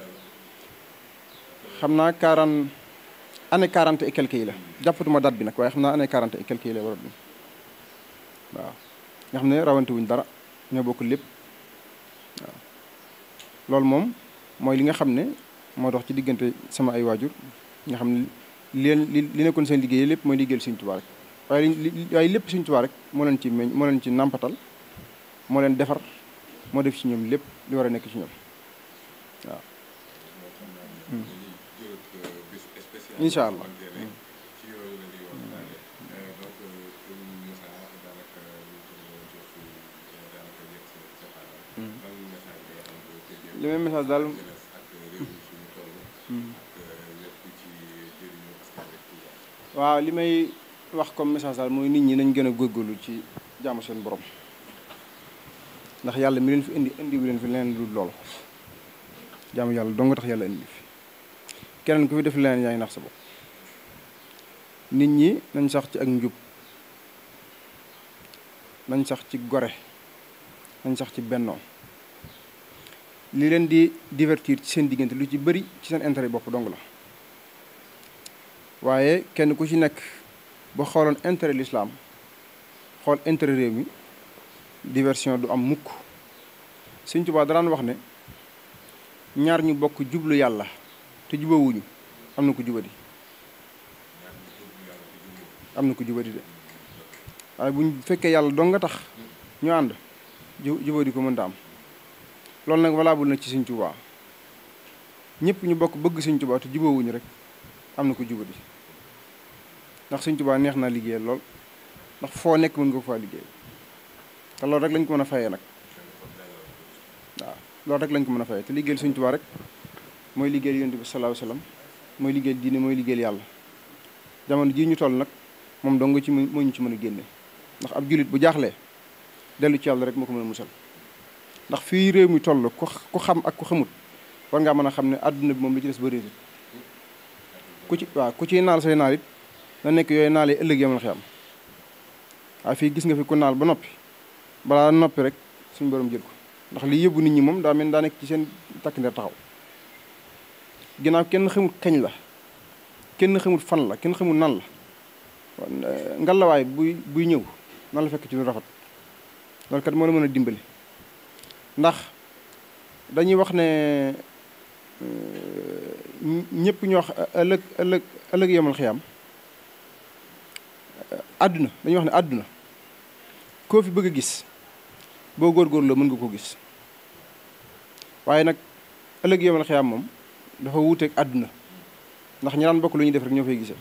xam naa 40 année quarante et quelques yi la jàppatuma date bi nag waaye xam naa année quarante et quelques la war a waaw nga xam ne rawante dara ñoo bokk lépp loolu moom mooy li nga xam ne moo dox ci diggante sama ay waajur nga xam ne leen li li nekkoon seen liggéey lépp mooy liggéeyal Sëriñ Tuubaa rek waaye waaye lépp Sëriñ Tuubaa rek moo leen ci meñ moo leen ci nàmpatal moo leen defar moo def ci ñoom lépp li war a nekk ci ñoom waaw hmm. incha allah. li may message daal. waaw li may wax comme message daal mooy nit ñi nañ gën a góorgóorlu ci jaamu seen borom ndax yàlla mi leen fi indi indi wu leen fi leen lu lool jaamu yàlla dong tax yàlla indi fi. keneen ku fi def leneen yaa ngi nax sa bopp nit ñi nañ sax ci ak njub nañ sax ci gore nañ sax ci bennoo li leen di divertir ci seen diggante lu ci bari ci seen intérêt bopp dong la waaye kenn ku ci nekk ba xooloon intere l'islam xool intérêt réew mi diversion du am mukk Sëñ Tuubaa daan wax ne ñaar ñu bokk jublu yàlla te jubawuñu am na ko jubadi am na ko jubadi de waaye buñ fekkee yàlla dong nga tax ñu ànd jubadi ko mënta am loolu nag valable na ci Sëñ Tuubaa ñëpp ñu bokk bëgg Sëñ Tuubaa te jubawuñu rek am na ko jubadi ndax Sëñ Tuubaa neex naa liggéeyal lool ndax foo nekk mën nga ko faa liggéey te rek lañ ko mën a fayee nag rek lañ ko te rek mooy liggéeyal yonent bi salaahu salaam mooy liggéeyal diine mooy liggéeyal yàlla jamono jii ñu toll nag moom dong ci moo ñu ci mën a génne ndax ab jullit bu jaaxle dellu ci yàlla rek moo ko mën a musal ndax fii réew mi toll ku xam ak ku xamut war ngaa mën a xam ne àdduna bi moom li ci des bëreetut ku ci waaw ku ciy naal say naal it na nekk yooyu naal yi ëllëg yamal xiyam waaye fii gis nga fi ku naal ba noppi balaa noppi rek suñu borom jël ko ndax lii yëbbu nit ñi moom daa mel daa ci seen takk ndeer taxaw ginaaw kenn xamul kañ la kenn xamul fan la kenn xamul nan la ngalawaay buy buy ñëw nan la fekk ci lu rafet loolu kat moo la mën a dimbali ndax dañuy wax ne ñëpp ñu wax ëllëg ëllëg ëllëg yemal xiyam àdduna dañuy wax ne àdduna koo fi bëgg a gis boo góorgóorloo mën nga ko gis waaye nag ëllëg yemal xiyam moom dafa wuuteeg àdduna ndax ñi daan bokk lu ñuy def rek ñoo fay gisee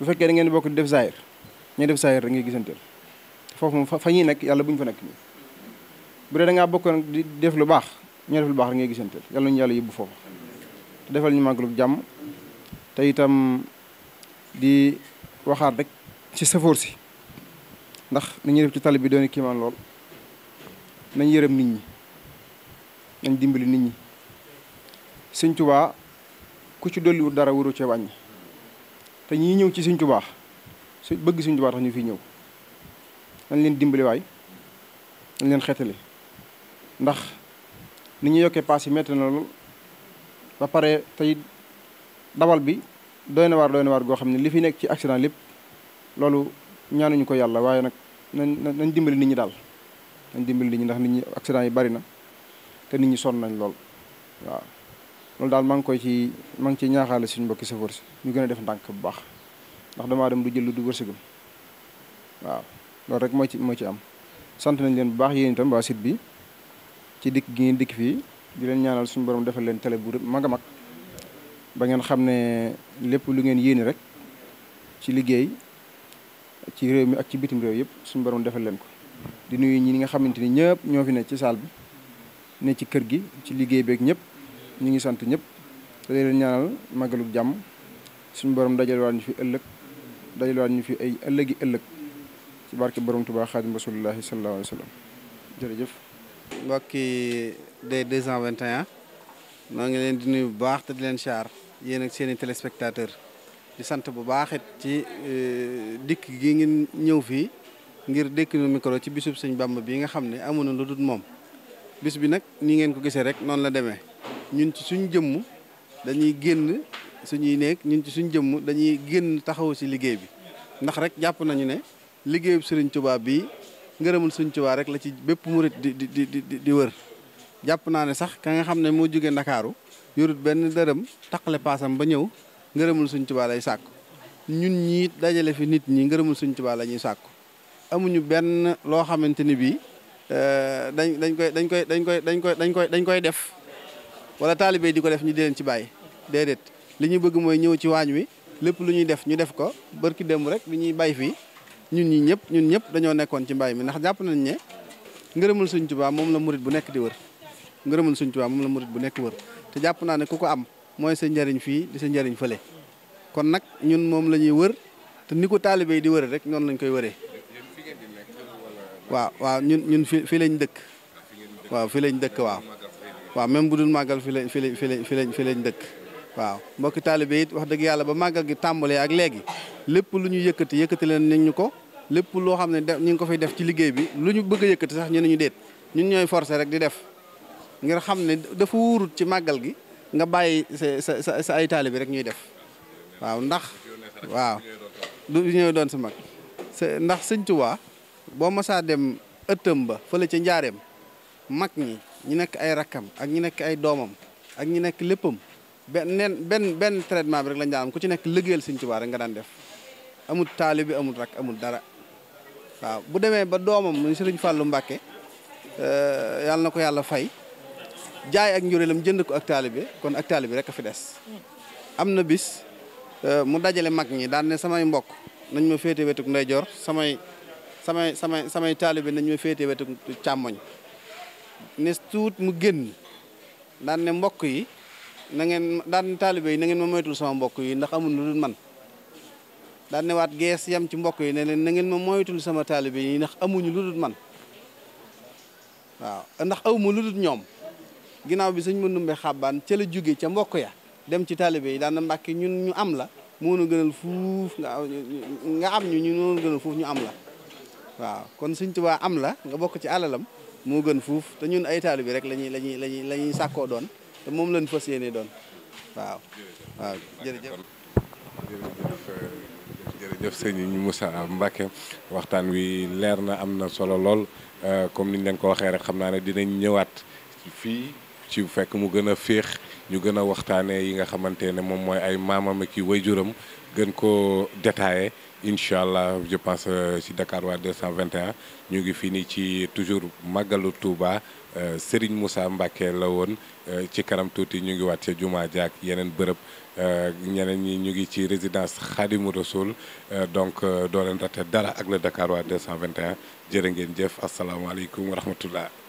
bu fekkee da ngeen bokk di def zaahir ñooy def zaahir rek ngay gisanteel foofu moom fa ñuy nekk yàlla bu ñu fa nekk nii bu dee da bokk nag di def lu baax ñoo def lu baax rek ngay gisanteel yàlla ñu yàlla yóbbu foofu te defal ñu màggalu jàmm te itam di waxaat rek ci safoor si ndax ni def ci tali bi doon kiimaan lool nañ yërëm nit ñi dañ dimbali nit ñi sëñ ku ci dolliwul dara waru cee wàññi te ñii ñëw ci sëñ tubaa su bëgg sëñ tax ñu fi ñëw nañ leen dimbali waay nañ leen xeetali ndax ni ñu yokkee paas yi metti na lool ba pare tey dawal bi doy na waar doy na waar goo xam ne li fi nekk ci accident lépp loolu ñaanuñu ko yàlla waaye nag nañ nañ dimbali nit ñi daal nañ dimbali nit ñi ndax nit ñi accident yi bari na te nit ñi sonn nañ lool lol dal mang koy ci mang ci ciy ñaaxaale suñu mbokki chauffeur si ñu gëna a def ndànk bu baax ndax dama dem du jël du du gum waaw lol rek moo ci moo ci am sant nañ leen bu baax yeen tam ba site bi ci dik gi dik fi di leen ñaanal suñu borom defal leen télé bu mag a mag ba ngeen xamne lepp lu ngeen yeen rek ci liggéey ci réew mi ak ci bitim réew yépp suñu borom defal leen ko di nuyu ñi nga xamanteni ni ñëpp ñoo fi ne ci salle bi ne ci kër gi ci liggéey beeg ñepp ñu ngi sant ñëpp te leen ñaanal màggalug jàmm suñu borom dajalewaat ñu fi ëllëg dajalewaat ñu fi ay ëllëgi ëllëg ci barke borom Tuubaa Xaadim Rasuulullaahi sallallaahu alayhi wa sallam jërëjëf. de des 221 noo ngi leen di nuyu bu baax te di leen siyaar yéen ak seen i téléspectateur di sant bu baaxit ci euh, dikk gi ngeen ñëw fii ngir dékk nu micro ci bisub sëñ Bàmba bi nga xam ne amuñu lu dul moom bis bi nag ni ngeen ko gisee rek noonu la demee. ñun ci suñ jëmm dañuy génn suñuy néeg ñun ci suñ jëmm dañuy génn taxaw ci liggéey bi ndax rek jàpp nañu ne liggéeyu Sëriñ Tuubaa bii ngërëmul Sëriñ Tuubaa rek la ci bépp murit di di di wër jàpp naa ne sax ka nga xam ne moo jóge Ndakaaru yorut benn dërëm taqale paasam ba ñëw ngërëmul Sëriñ Tuubaa lay sàkku ñun ñii dajale fi nit ñi ngërëmul Sëriñ Tuubaa la ñuy sàkku amuñu benn loo xamante ni bii euh, dañ dañ koy dañ koy dañ koy dañ koy dañ koy dañ koy def wala taalibe di ko def ñu di leen ci bàyyi déedéet li ñuy bëgg mooy ñëw ci waañ wi lépp lu ñuy def ñu def ko barki démb rek li ñuy bàyyi fii ñun ñi ñëpp ñun ñëpp dañoo nekkoon ci mbay mi ndax jàpp nañ ne ngërëmal Sëñ Tuubaa moom la murit bu nekk di wër ngërëmal Sëñ Tuubaa moom la murit bu nekk wër te jàpp naa ne ku ko am mooy sa njariñ fii di sa njariñ fële kon nag ñun moom la ñuy wër te ni ko taalibe yi di wëre rek noonu lañ koy wëree waaw waaw ñun ñun fi fii lañ dëkk waaw fii lañ dëkk waaw waaw même bu dul màggal fi lañ fi lañ fi lañ fi lañ dëkk waaw mbokki taalibe it wax dëgg yàlla ba màggal gi tàmbalee ak léegi lépp lu ñu yëkkati yëkkati leen nañ ñu ko lépp loo xam ne def ñu ngi ko fay def ci liggéey bi lu ñu bëgg a yëkkati sax ñu ne ñu déet ñun ñooy forcé rek di def ngir xam ne dafa wuurut ci màggal gi nga bàyyi sa sa sa ay taalibe rek ñuy def waaw ndax waaw du ñëw doon sa mag ndax sëñ Tuubaa boo masaa dem ëttam ba fële ca njaareem mag ñi ñi nekk ay rakkam ak ñi nekk ay doomam ak ñu nekk léppam benn benn benn traitement bi rek lañ daan am ku ci nekk liggéeyal Sëñ Tuubaa rek nga daan def amul taalibe amul rakk amul dara waaw bu demee ba doomam muy Sëriñ Fàllu Mbàkke euh, yàlla na ko yàlla fay jaay ak njureelam jënd ko ak taalibe kon ak taalibe rek a fi des am na bis euh, mu dajale mag ñi daan ne samay mbokk nañ ma féete wetuk ndeyjoor samay samay samay samay taalibe nañ ma féete wetuk càmmoñ ne tuut mu génn daan mbokk yi na ngeen daan ne taalibe yi na ngeen ma moytul sama mbokk yi ndax amul lu dul man daan gees yam ci mbokk yi ne leen na ngeen ma moytul sama taalibe yi ndax amuñu lu dul man waaw ndax awma lu dul ñoom ginnaaw bi sëñ mëndumbe xabbaan ca la jóge ca mbokk ya dem ci taalibe yi daan na mbàkki ñun ñu am la moo nu gënal fuuf nga am ñu ñu moo gënal fuuf ñu am la waaw kon sëñ Tuubaa am la nga bokk ci alalam moo gën fuuf te ñun ay taalibe rek lañuy lañuy lañuy la sàkkoo doon te moom lañu fas yéene doon waaw waaw jërëjëf jërëjëf sëñ Moussa Mbacke waxtaan wi leer na am na solo lool euh, comme niñ leen ko waxee rek xam naa ne dinañ ñëwaat fii ci fekk mu gën a féex ñu gën a waxtaanee yi nga xamante ne moom mooy ay maamam ki i waajuram gën koo détaillé incha allah je pense ci euh, Dakar waa 221 ñu ngi fii nii ci toujours màggalu Touba euh, Serigne Moussa Mbacké la woon euh, ci kanam tuuti ñu ngi waat ca Jumaa jaak yeneen bërëb ñeneen ñi ñu ngi ci résidence Khadimou Rassoul donc doo leen rate dara ak le Dakar waa 221 jërë ngeen jëf asalaamaaleykum wa rahmatullah